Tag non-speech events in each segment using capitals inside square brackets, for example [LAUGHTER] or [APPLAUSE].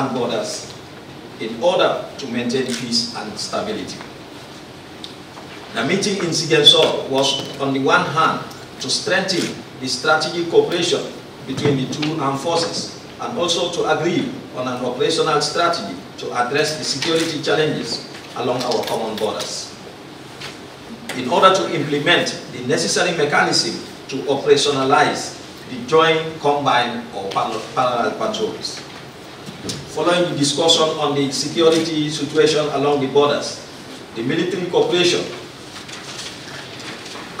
land borders in order to maintain peace and stability. The meeting in Sigelsor was, on the one hand, to strengthen the strategic cooperation between the two armed forces and also to agree on an operational strategy to address the security challenges along our common borders. In order to implement the necessary mechanism to operationalize the joint, combined, or parallel patrols following the discussion on the security situation along the borders, the military cooperation,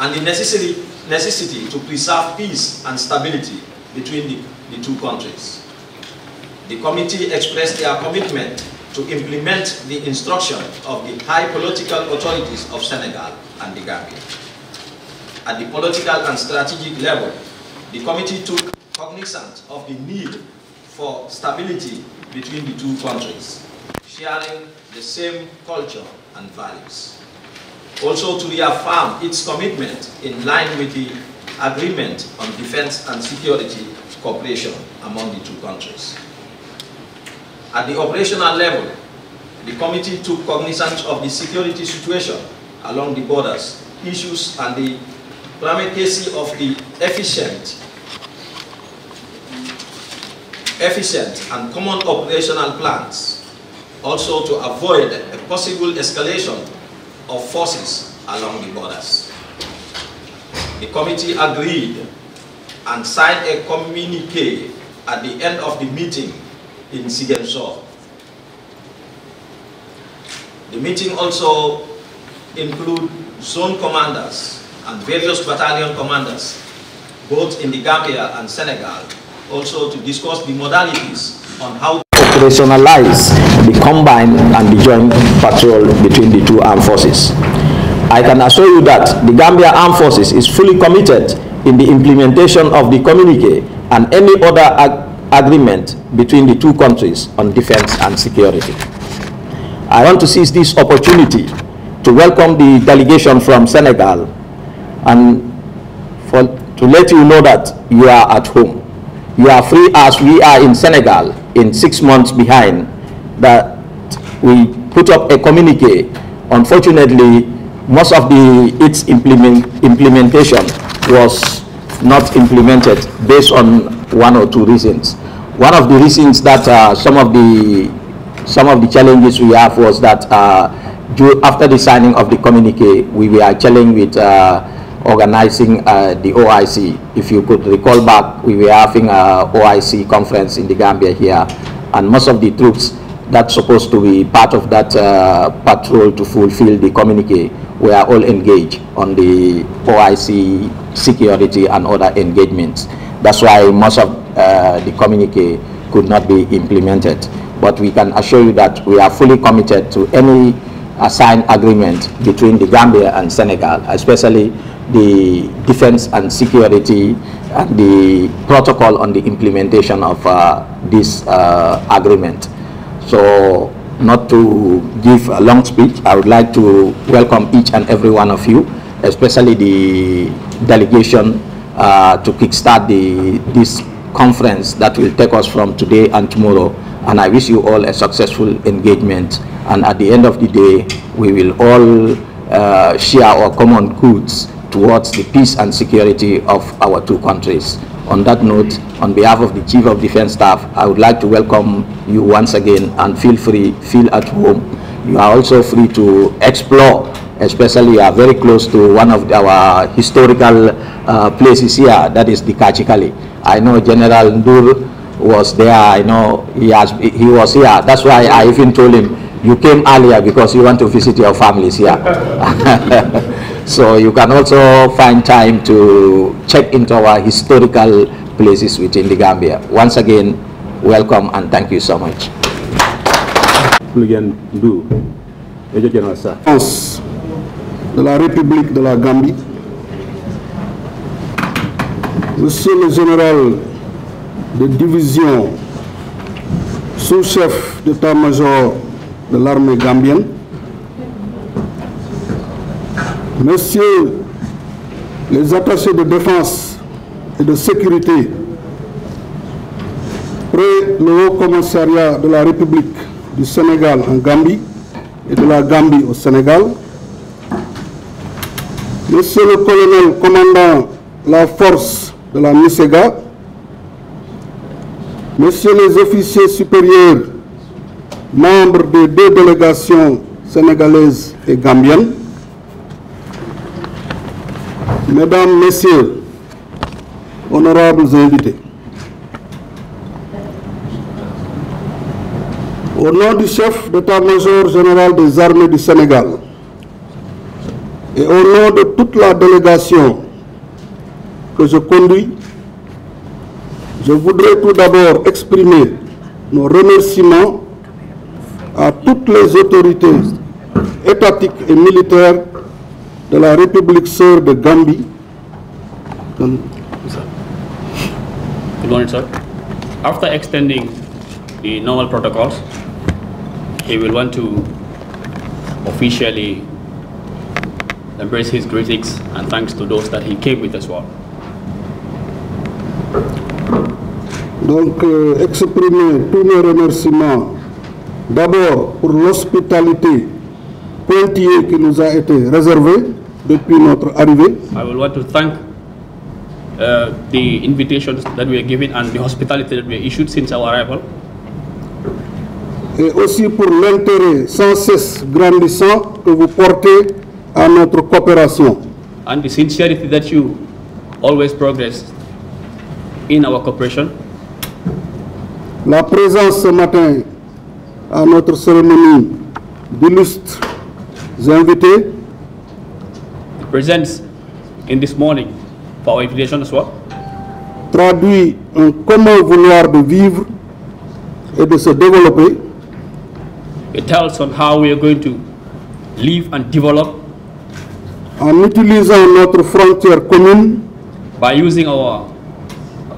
and the necessary, necessity to preserve peace and stability between the, the two countries. The committee expressed their commitment to implement the instruction of the high political authorities of Senegal and the Gambia. At the political and strategic level, the committee took cognizance of the need for stability between the two countries, sharing the same culture and values. Also to reaffirm its commitment in line with the agreement on defense and security cooperation among the two countries. At the operational level, the committee took cognizance of the security situation along the borders, issues and the primacy of the efficient efficient and common operational plans, also to avoid a possible escalation of forces along the borders. The committee agreed and signed a communique at the end of the meeting in Sigenshaw. The meeting also included zone commanders and various battalion commanders, both in the Gambia and Senegal, also to discuss the modalities on how to operationalize the combined and the joint patrol between the two armed forces. I can assure you that the Gambia Armed Forces is fully committed in the implementation of the communique and any other ag agreement between the two countries on defense and security. I want to seize this opportunity to welcome the delegation from Senegal and for, to let you know that you are at home you are free as we are in Senegal in six months behind that we put up a communique. Unfortunately, most of the its implement, implementation was not implemented based on one or two reasons. One of the reasons that uh, some of the some of the challenges we have was that uh, after the signing of the communique, we were challenged with uh, organizing uh, the OIC. If you could recall back, we were having a OIC conference in the Gambia here, and most of the troops that's supposed to be part of that uh, patrol to fulfill the communique were all engaged on the OIC security and other engagements. That's why most of uh, the communique could not be implemented. But we can assure you that we are fully committed to any assigned signed agreement between the Gambia and Senegal, especially the defense and security and the protocol on the implementation of uh, this uh, agreement. So not to give a long speech, I would like to welcome each and every one of you, especially the delegation uh, to kickstart the, this conference that will take us from today and tomorrow. And I wish you all a successful engagement. And at the end of the day, we will all uh, share our common goods towards the peace and security of our two countries. On that note, on behalf of the Chief of Defense Staff, I would like to welcome you once again and feel free, feel at home. You are also free to explore, especially you are very close to one of our historical uh, places here, that is the Kachikali. I know General Ndur was there, I know he, has, he was here. That's why I even told him, you came earlier because you want to visit your families here. [LAUGHS] So you can also find time to check into our historical places within the Gambia. Once again, welcome and thank you so much. Major General, sir. France, de la République de la Gambie, Monsieur le Général de division, sous-chef d'état-major de l'armée gambienne, Monsieur les attachés de défense et de sécurité près le Haut Commissariat de la République du Sénégal en Gambie et de la Gambie au Sénégal, Monsieur le colonel commandant la force de la MISEGA, Messieurs les officiers supérieurs, membres des deux délégations sénégalaises et gambiennes, Mesdames, Messieurs, honorables invités, au nom du chef d'état-major général des armées du Sénégal et au nom de toute la délégation que je conduis, je voudrais tout d'abord exprimer nos remerciements à toutes les autorités étatiques et militaires de la République sœur de Gambie. Good morning, sir. After extending the normal protocols, he will want to officially embrace his critics and thanks to those that he came with as well. Donc, euh, exprimer tous mes remerciements, d'abord pour l'hospitalité pointillée qui nous a été réservée, depuis notre arrivée. I would like to thank uh, the invitations that we are given and the hospitality that we are issued since our arrival. Et aussi pour l'intérêt sans cesse grandissant que vous portez à notre coopération. And the sincerity that you always progress in our cooperation. La présence ce matin à notre cérémonie d'illustres invités présence in this morning for our invitation as well. Traduit un commun vouloir de vivre et de se développer. It tells on how we are going to live and develop. En utilisant notre frontière commune. By using our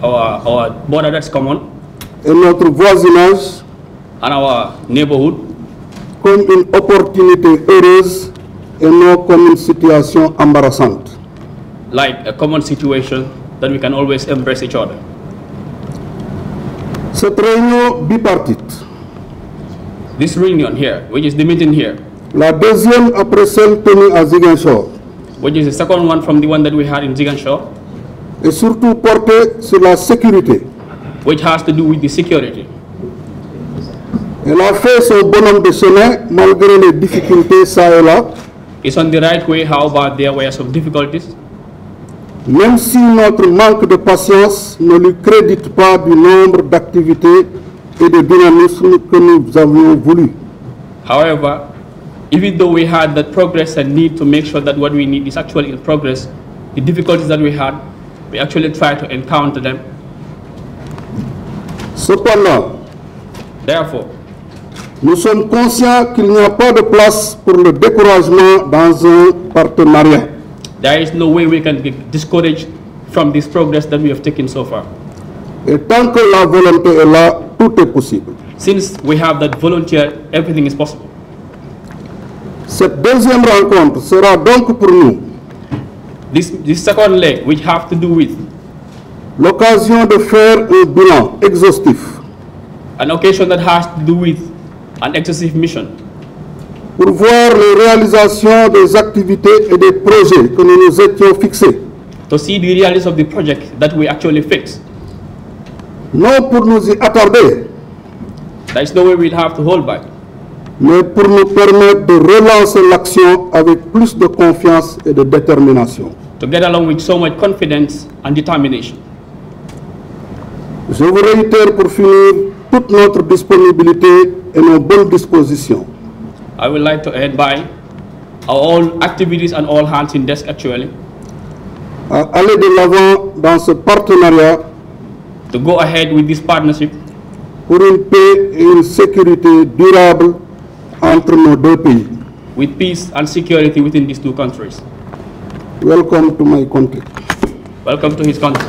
our our border that's common. Et notre voisinage. And our neighborhood. Comme une opportunité heureuse et non comme une situation embarrassante. Like a common situation that we can always embrace each other. Cette réunion bipartite. This reunion here, which is the meeting here. La deuxième après celle tenue à Ziguinchor. Which is the second one from the one that we had in Ziguinchor. Et surtout portée sur la sécurité. Which has to do with the security. Elle a fait son bonhomme de chemin malgré les difficultés ça et là is on the right way, however, there were some difficulties. Même si notre manque de patience ne lui crédite pas du nombre d'activités et de dynamisme que nous avions voulu. However, even though we had that progress and need to make sure that what we need is actually in progress, the difficulties that we had, we actually tried to encounter them. Cependant, therefore, Nous sommes conscients qu'il n'y a pas de place pour le découragement dans un partenariat. There is no way we can get discouraged from this progress that we have taken so far. Et tant que la volonté est là, tout est possible. Since we have that volunteer, everything is possible. Cette deuxième rencontre sera donc pour nous this, this second leg, which have to do with l'occasion de faire un bilan exhaustif. An occasion that has to do with mission. Pour voir les réalisations des activités et des projets que nous nous étions fixés. To see the of the that we actually fixed. Non pour nous y attarder. There is no way have to hold mais pour nous permettre de relancer l'action avec plus de confiance et de détermination. To with so much confidence and determination. Je vous réitère pour finir toute notre disponibilité and our bold disposition. I would like to add by our own activities and all hands in desk actually. À uh, aller de l'avant dans ce partenariat. To go ahead with this partnership. Pour une paix et une sécurité durable entre nos deux pays. With peace and security within these two countries. Welcome to my country. Welcome to his country.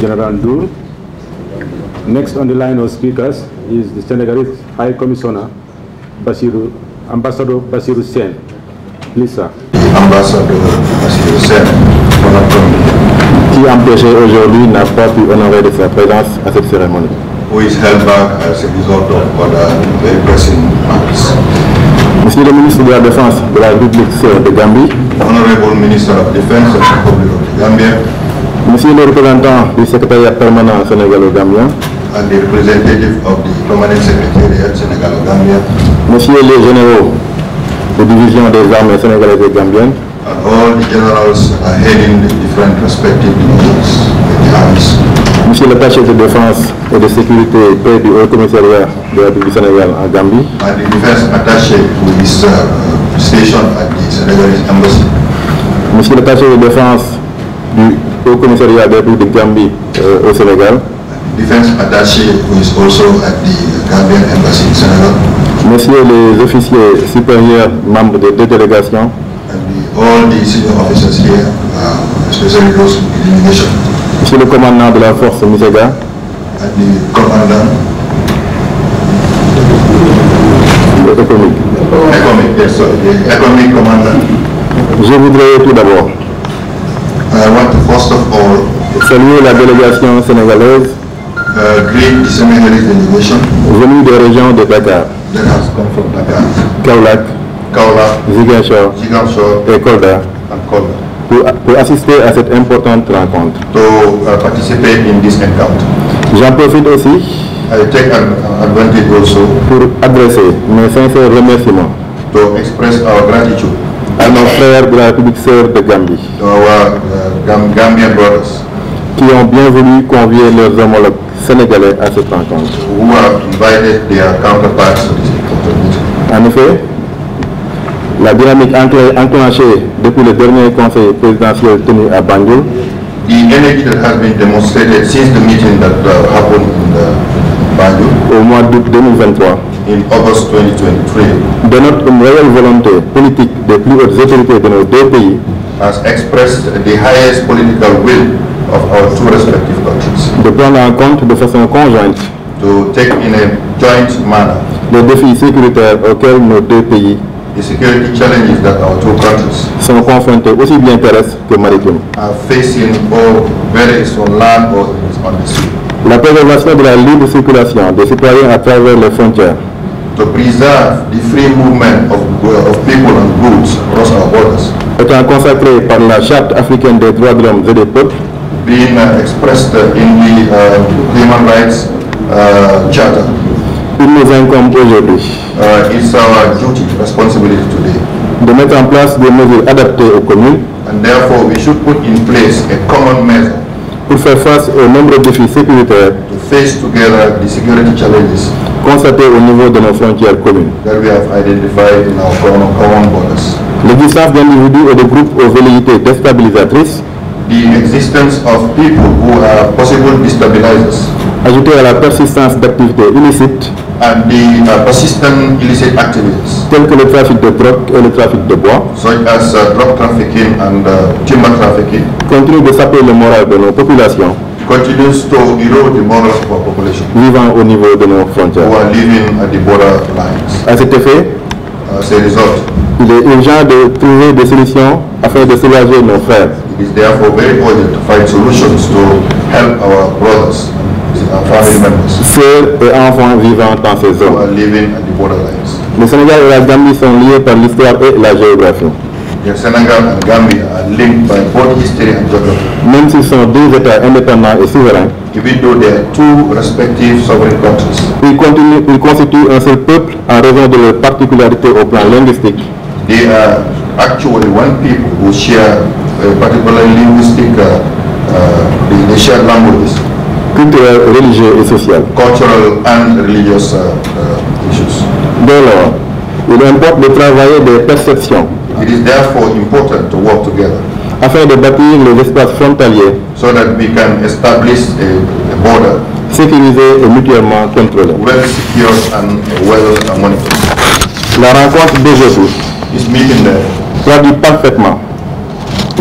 General Ndour. Next on the line of speakers is the Senegalese High Commissioner, Basiru, Ambassador Basiru Sen. Please, sir. Ambassador Basiru Sen, qui empêché aujourd'hui n'a pas pu honorer de sa présence à cette cérémonie. Who is held back as a result of other very pressing matters. Monsieur le ministre de la Défense de la République de Gambie. Honorable Minister of Defense of the Republic of the Gambia. Monsieur le représentant du secrétariat permanent sénégalo-gambien. And the representative of the permanent secretariat sénégalo Gambia. Monsieur les généraux de division des armées sénégalaises et gambiennes. And all the generals are heading the different respective divisions of the armies. Monsieur le chef de défense et de sécurité près du Haut Commissariat de la République du Sénégal en Gambie. And the defense attaché who is uh, stationed at the Senegalese embassy. Monsieur le chef de défense du au commissariat des de Gambie euh, au Sénégal. Defense Messieurs les officiers supérieurs membres des deux délégations. all the senior officers here, especially Monsieur le commandant de la force Misega. commandant. Je voudrais tout d'abord. Euh, first of all, saluer la délégation sénégalaise uh, greet the delegation, venue des régions de Dakar, Dakar, Dakar Kaulak, Kaulak Ziguinchor, Ziguinchor et Kolda, pour, pour, assister à cette importante rencontre. To uh, participate in this encounter. J'en profite aussi I take advantage also pour adresser mes sincères remerciements to express our gratitude à nos frères de la République sœur de Gambie. Oh, Qui ont bienvenu voulu convier leurs homologues sénégalais à cette rencontre. En effet, la dynamique enclenchée depuis le dernier conseil présidentiel tenu à Bangui. Uh, uh, Au mois d'août 2023. August 2023 de notre réelle volonté politique des plus hautes autorités de nos deux pays has expressed the highest political will of our two respective countries. de prendre en compte de façon conjointe to take in a joint manner les défis sécuritaires auxquels nos deux pays challenges that our two countries sont confrontés aussi bien terrestres que maritimes on La préservation de la libre circulation des citoyens à travers les frontières to preserve the free movement of, uh, of people and goods across our borders. Étant consacré par la Charte africaine des droits de l'homme et des peuples, being uh, expressed in the uh, Human Rights Charter. Il nous incombe aujourd'hui it's our duty, responsibility today. de mettre en place des mesures adaptées aux communes and therefore we should put in place a common measure pour faire face aux nombreux défis sécuritaires to face together the security challenges constatées au niveau de nos frontières communes. L'existence d'individus et de groupes aux velléités déstabilisatrices. Ajouté à la persistance d'activités illicites. And the uh, Tels que le trafic de drogue et le trafic de bois. Such uh, uh, de saper le moral de nos populations population. Vivant au niveau de nos frontières. A cet effet, ah, il est urgent de trouver des solutions afin de soulager nos frères. It et enfants vivant dans ces zones. Le Sénégal et la Gambie sont liés par l'histoire et la géographie. Le Sénégal and Gambia are linked by both history and geography. Même s'ils sont deux États indépendants et souverains, even though are two respective sovereign countries, ils, constituent un seul peuple en raison de leurs particularités au plan linguistique. They are actually one people who share a uh, particular linguistic, uh, uh, they, they share languages. religieux et social. Cultural and religious uh, uh, issues. Dès lors, il importe de travailler des perceptions It is therefore important to work together. Afin de bâtir les espaces frontaliers. So that we can establish a, a border. Sécurisé et mutuellement contrôlé. Well secured and well monitored. La rencontre d'aujourd'hui. is meeting there. Traduit parfaitement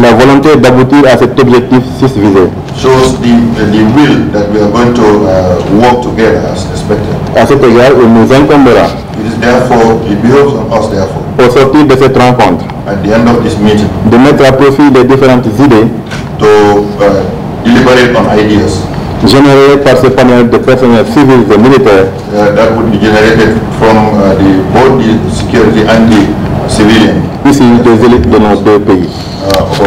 la volonté d'aboutir à cet objectif six visé. Shows the, the will that we are going to uh, work together as expected. À cet égard, il nous incombera It is therefore, it behoves on us therefore. Au sortir de cette rencontre. At the end of this meeting. De mettre à profit les différentes idées. To uh, deliberate on ideas. Générées par ce panel de personnel civil et militaire. Uh, that would be generated from uh, the, both the security and the civilian. Uh, Ici, des élites de nos deux pays. Uh,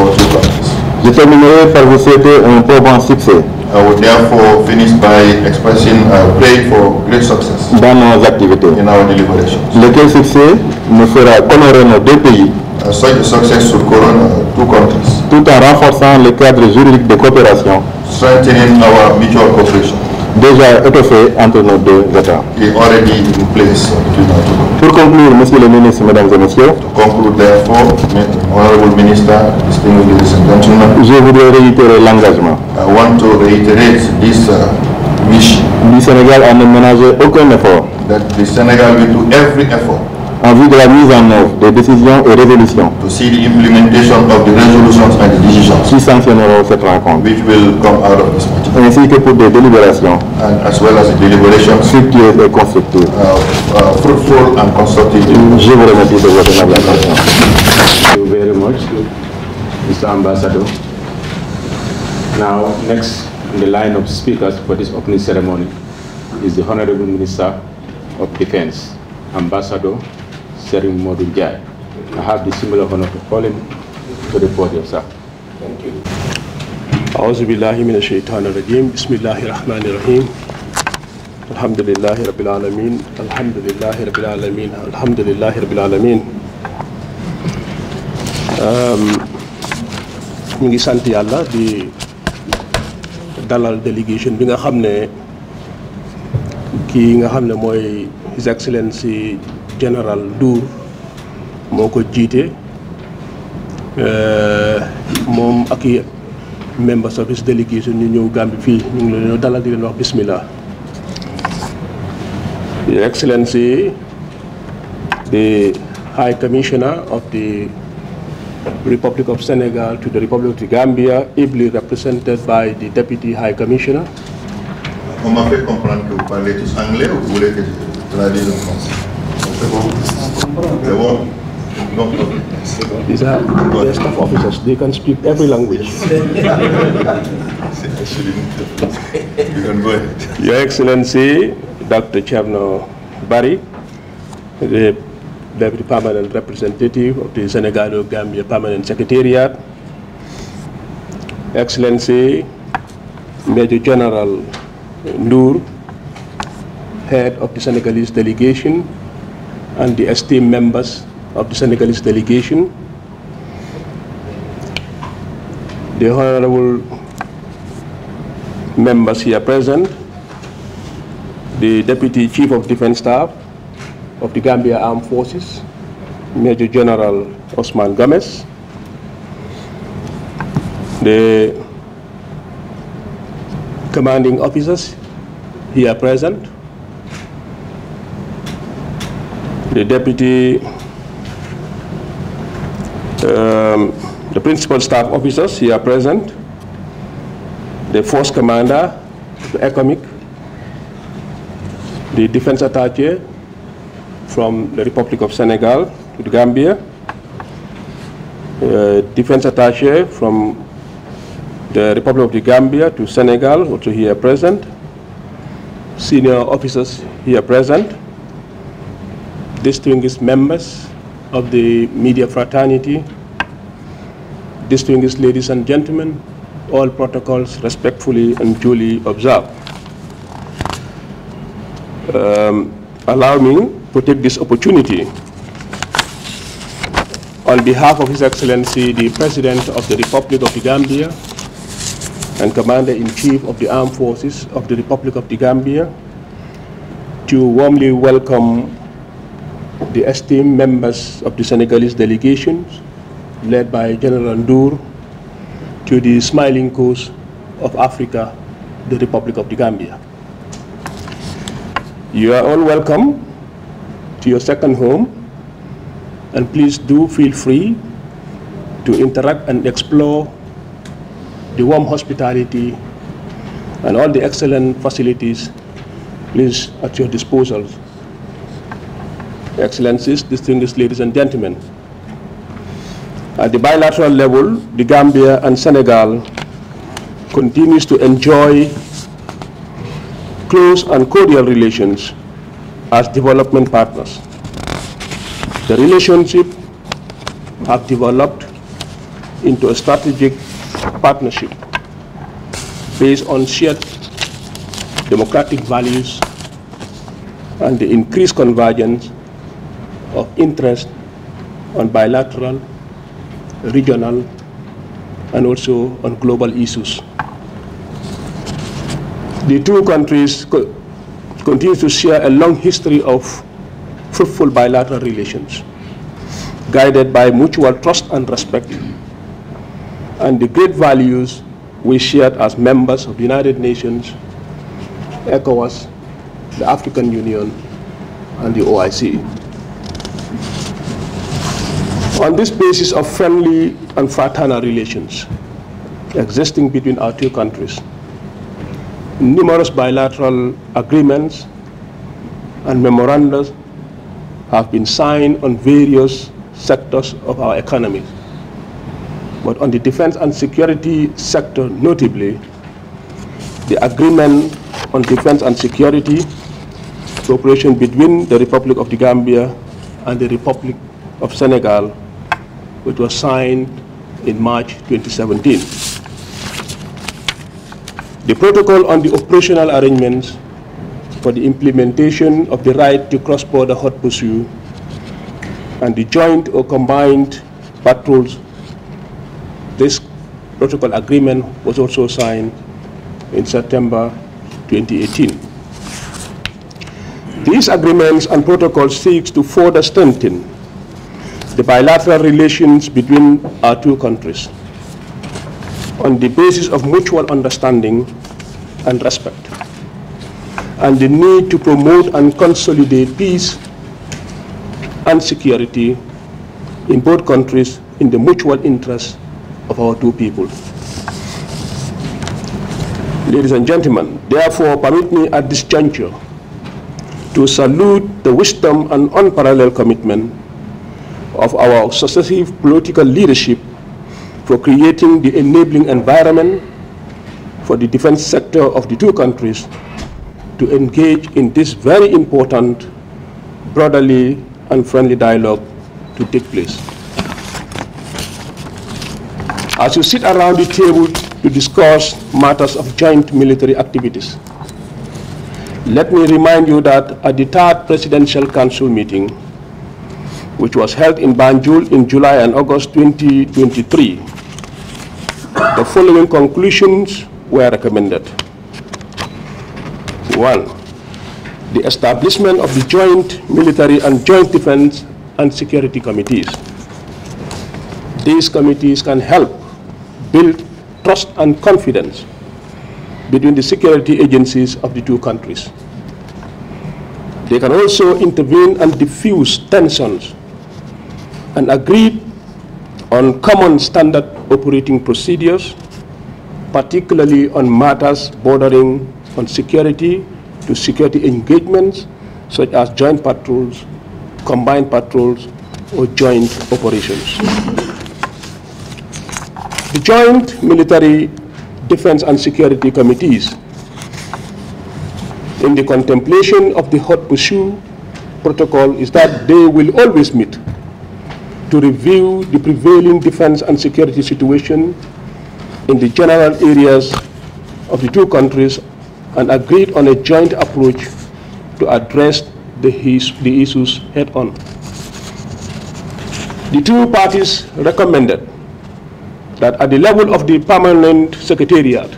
Je terminerai par vous souhaiter un très bon succès. I would therefore finish by expressing a prayer for great success dans nos activités in our deliberations. Lequel succès nous fera honorer nos deux pays a such success should corona two countries tout en renforçant le cadre juridique de coopération strengthening our mutual cooperation déjà étoffé entre nos deux États. Pour conclure, Monsieur le Ministre, Mesdames et Messieurs, je voudrais réitérer l'engagement uh, du Sénégal à ne ménager aucun effort. That the Senegal will do every effort en vue de la mise en œuvre des décisions et résolutions to see the implementation of the resolutions and the decisions cette rencontre which will come out of this meeting ainsi que pour des délibérations and as well as the deliberations et constructives uh, uh, fruitful and constructive je vous remercie de votre aimable Thank you very much Mr. Ambassador now next in the line of speakers for this opening ceremony is the Honorable Minister of Defense Ambassador Serim Modou Jai. I have the similar honor to call him to the yourself. Thank you. أعوذ بالله من الشيطان الرجيم بسم الله الرحمن الرحيم الحمد لله رب العالمين الحمد لله رب العالمين الحمد لله رب ngi sant yàlla di dalal délégation bi nga xam ne nga xam ne his Excellency général Ndour Moko jité jiite euh, moom ak i délégation ñu ñëw Gambie fii ñu the leen dalal di leen wax bismillah Your Excellency, the High Commissioner of the Republic of Senegal to the Republic of the Gambia, ably represented by the Deputy High Commissioner. On m'a fait comprendre que vous parlez tous anglais ou vous voulez que je traduise en français they won't. No, These are best staff officers. They can speak every language. [LAUGHS] Your Excellency, Dr. Chavno Bari, the Deputy Permanent Representative of the Senegalese Gambia Permanent Secretariat, Excellency, Major General Noor, Head of the Senegalese Delegation and the esteemed members of the Senegalese delegation, the honorable members here present, the Deputy Chief of Defense Staff of the Gambia Armed Forces, Major General Osman Gomez, the commanding officers here present, the deputy, um, the principal staff officers here present, the force commander, the economic, the defense attaché from the Republic of Senegal to the Gambia, uh, defense attaché from the Republic of the Gambia to Senegal, also here present, senior officers here present, distinguished members of the media fraternity, distinguished ladies and gentlemen, all protocols respectfully and duly observed. Um, allow me to take this opportunity on behalf of His Excellency the President of the Republic of the Gambia and Commander-in-Chief of the Armed Forces of the Republic of the Gambia to warmly welcome the esteemed members of the Senegalese delegation, led by General Ndour, to the smiling coast of Africa, the Republic of the Gambia. You are all welcome to your second home, and please do feel free to interact and explore the warm hospitality and all the excellent facilities please at your disposal Excellencies, distinguished ladies and gentlemen. At the bilateral level, the Gambia and Senegal continues to enjoy close and cordial relations as development partners. The relationship have developed into a strategic partnership based on shared democratic values and the increased convergence interest on bilateral, regional, and also on global issues. The two countries co continue to share a long history of fruitful bilateral relations, guided by mutual trust and respect, and the great values we shared as members of the United Nations, ECOWAS, the African Union, and the OIC on this basis of friendly and fraternal relations existing between our two countries, numerous bilateral agreements and memorandums have been signed on various sectors of our economy. But on the defense and security sector, notably, the agreement on defense and security cooperation between the Republic of the Gambia and the Republic of Senegal which was signed in March 2017. The protocol on the operational arrangements for the implementation of the right to cross-border hot pursuit and the joint or combined patrols, this protocol agreement was also signed in September 2018. These agreements and protocols seek to further strengthen the bilateral relations between our two countries on the basis of mutual understanding and respect, and the need to promote and consolidate peace and security in both countries in the mutual interest of our two people. Ladies and gentlemen, therefore permit me at this juncture to salute the wisdom and unparalleled commitment of our successive political leadership for creating the enabling environment for the defense sector of the two countries to engage in this very important brotherly and friendly dialogue to take place. As you sit around the table to discuss matters of joint military activities, let me remind you that at the third Presidential Council meeting, which was held in Banjul in July and August 2023, the following conclusions were recommended. One, the establishment of the joint military and joint defense and security committees. These committees can help build trust and confidence between the security agencies of the two countries. They can also intervene and diffuse tensions and agreed on common standard operating procedures, particularly on matters bordering on security to security engagements such as joint patrols, combined patrols, or joint operations. The Joint Military Defense and Security Committees, in the contemplation of the hot pursuit protocol, is that they will always meet to review the prevailing defense and security situation in the general areas of the two countries and agreed on a joint approach to address the, his, the issues head on. The two parties recommended that at the level of the permanent secretariat,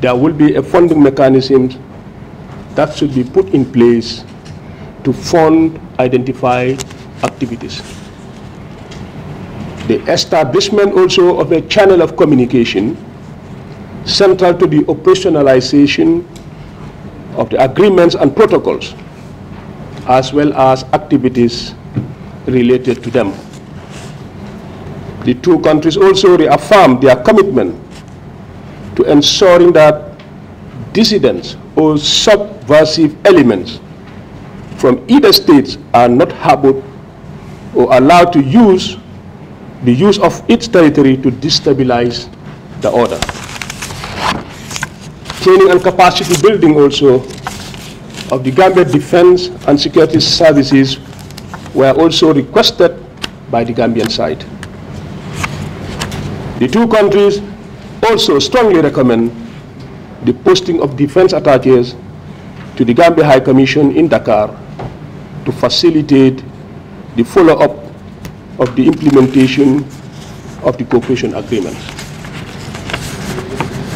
there will be a funding mechanism that should be put in place to fund identified activities the establishment also of a channel of communication central to the operationalization of the agreements and protocols as well as activities related to them. The two countries also reaffirmed their commitment to ensuring that dissidents or subversive elements from either state are not harbored or allowed to use the use of its territory to destabilize the order. Training and capacity building also of the Gambia Defense and Security Services were also requested by the Gambian side. The two countries also strongly recommend the posting of defense attaches to the Gambia High Commission in Dakar to facilitate the follow-up of the implementation of the cooperation agreement.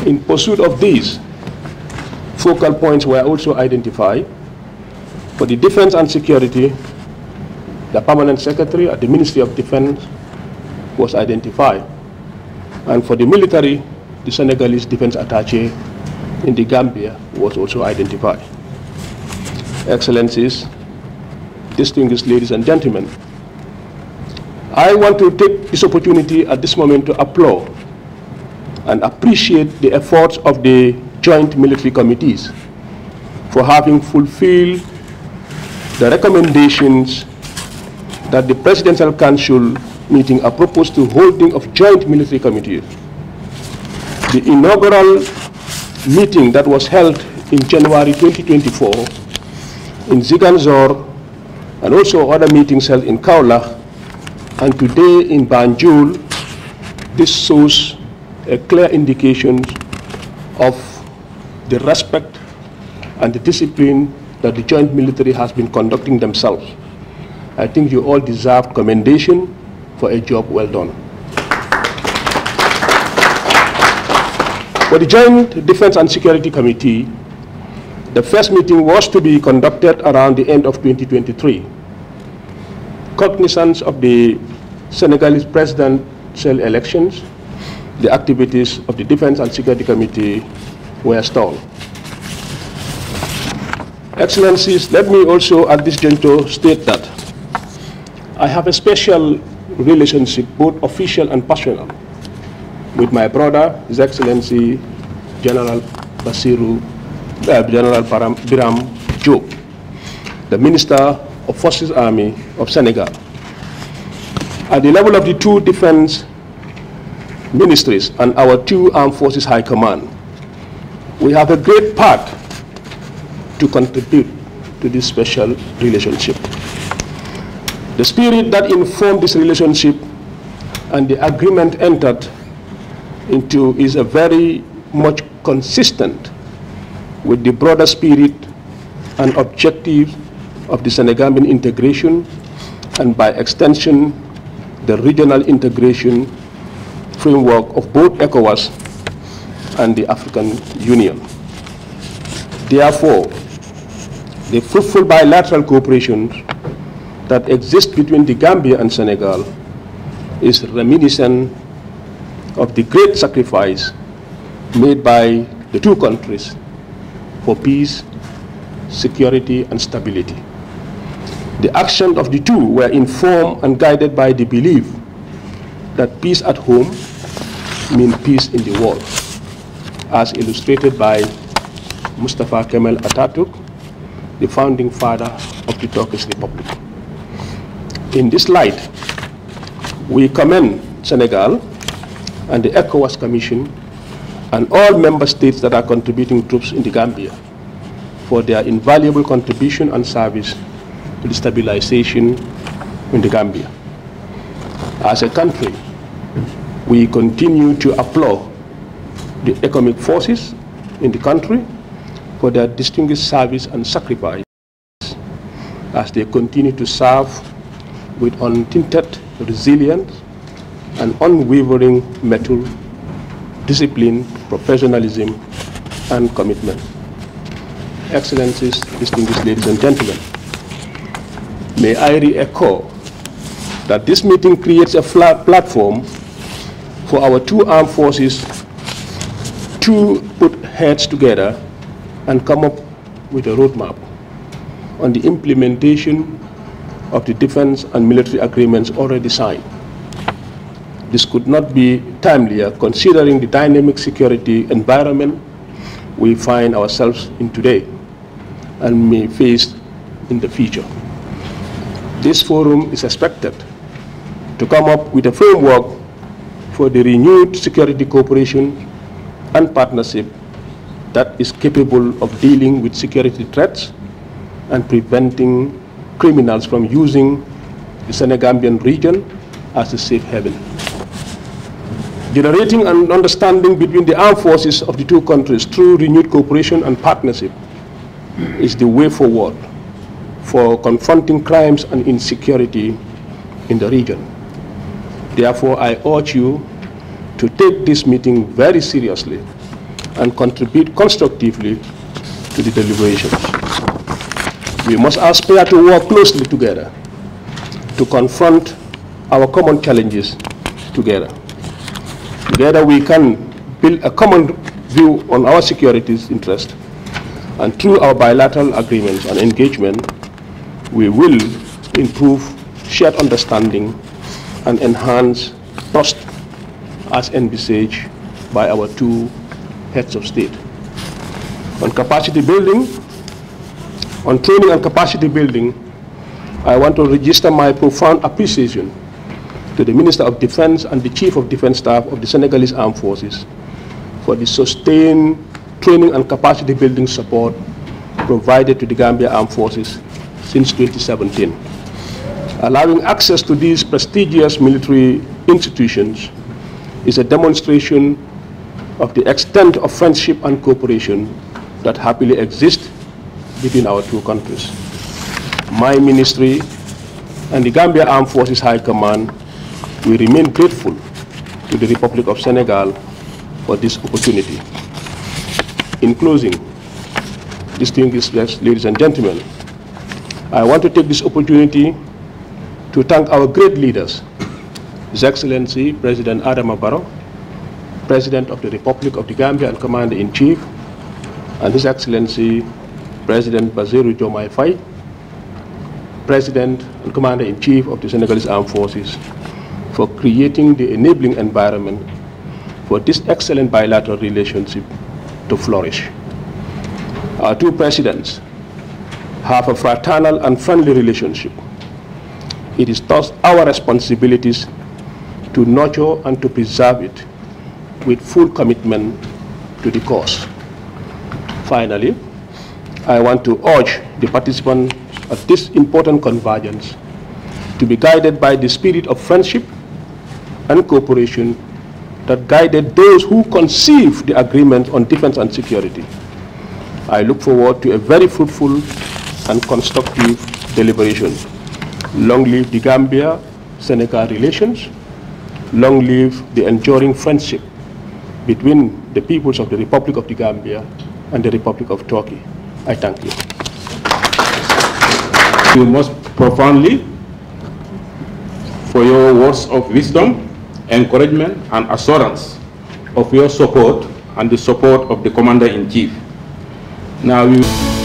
In pursuit of these, focal points were also identified for the defense and security. The permanent secretary at the Ministry of Defense was identified, and for the military, the Senegalese defense attaché in the Gambia was also identified. Excellencies, distinguished ladies and gentlemen, I want to take this opportunity at this moment to applaud and appreciate the efforts of the joint military committees for having fulfilled the recommendations that the Presidential Council meeting are proposed to holding of joint military committees. The inaugural meeting that was held in January 2024 in Ziganzor and also other meetings held in Kaulach and today in Banjul, this shows a clear indication of the respect and the discipline that the joint military has been conducting themselves. I think you all deserve commendation for a job well done. For the Joint Defense and Security Committee, the first meeting was to be conducted around the end of 2023 cognizance of the Senegalese presidential elections, the activities of the Defense and Security Committee were stalled. Excellencies, let me also at this juncture state that I have a special relationship, both official and personal, with my brother, His Excellency General Basiru, uh, General Biram Joe, the Minister of Forces Army of Senegal. At the level of the two defense ministries and our two armed forces high command, we have a great part to contribute to this special relationship. The spirit that informed this relationship and the agreement entered into is a very much consistent with the broader spirit and objectives of the Senegambian integration and by extension the regional integration framework of both ECOWAS and the African Union. Therefore, the fruitful bilateral cooperation that exists between the Gambia and Senegal is reminiscent of the great sacrifice made by the two countries for peace, security and stability. The actions of the two were informed and guided by the belief that peace at home means peace in the world, as illustrated by Mustafa Kemal Atatürk, the founding father of the Turkish Republic. In this light, we commend Senegal and the ECOWAS Commission and all member states that are contributing troops in the Gambia for their invaluable contribution and service stabilization in the Gambia. As a country, we continue to applaud the economic forces in the country for their distinguished service and sacrifice as they continue to serve with untinted resilience and unwavering mettle, discipline, professionalism, and commitment. Excellencies, distinguished ladies and gentlemen, May I re-echo that this meeting creates a platform for our two armed forces to put heads together and come up with a roadmap on the implementation of the defense and military agreements already signed. This could not be timelier considering the dynamic security environment we find ourselves in today and may face in the future this forum is expected to come up with a framework for the renewed security cooperation and partnership that is capable of dealing with security threats and preventing criminals from using the Senegambian region as a safe haven. Generating an understanding between the armed forces of the two countries through renewed cooperation and partnership is the way forward for confronting crimes and insecurity in the region. Therefore, I urge you to take this meeting very seriously and contribute constructively to the deliberations. We must aspire to work closely together to confront our common challenges together. Together we can build a common view on our security interests and through our bilateral agreements and engagement we will improve shared understanding and enhance trust as envisaged by our two heads of state. On capacity building, on training and capacity building, I want to register my profound appreciation to the Minister of Defense and the Chief of Defense Staff of the Senegalese Armed Forces for the sustained training and capacity building support provided to the Gambia Armed Forces since 2017, allowing access to these prestigious military institutions is a demonstration of the extent of friendship and cooperation that happily exists between our two countries. My ministry and the Gambia Armed Forces High Command, will remain grateful to the Republic of Senegal for this opportunity. In closing, distinguished ladies and gentlemen, I want to take this opportunity to thank our great leaders, His Excellency President Adam Barrow, President of the Republic of the Gambia and Commander-in-Chief, and His Excellency President Baziru Jomai Fay, President and Commander-in-Chief of the Senegalese Armed Forces, for creating the enabling environment for this excellent bilateral relationship to flourish. Our two presidents, have a fraternal and friendly relationship. It is thus our responsibilities to nurture and to preserve it with full commitment to the cause. Finally, I want to urge the participants at this important convergence to be guided by the spirit of friendship and cooperation that guided those who conceived the agreement on defense and security. I look forward to a very fruitful and constructive deliberation. Long live the gambia seneca relations. Long live the enduring friendship between the peoples of the Republic of the Gambia and the Republic of Turkey. I thank you. you most profoundly for your words of wisdom, encouragement, and assurance of your support and the support of the Commander-in-Chief. Now you...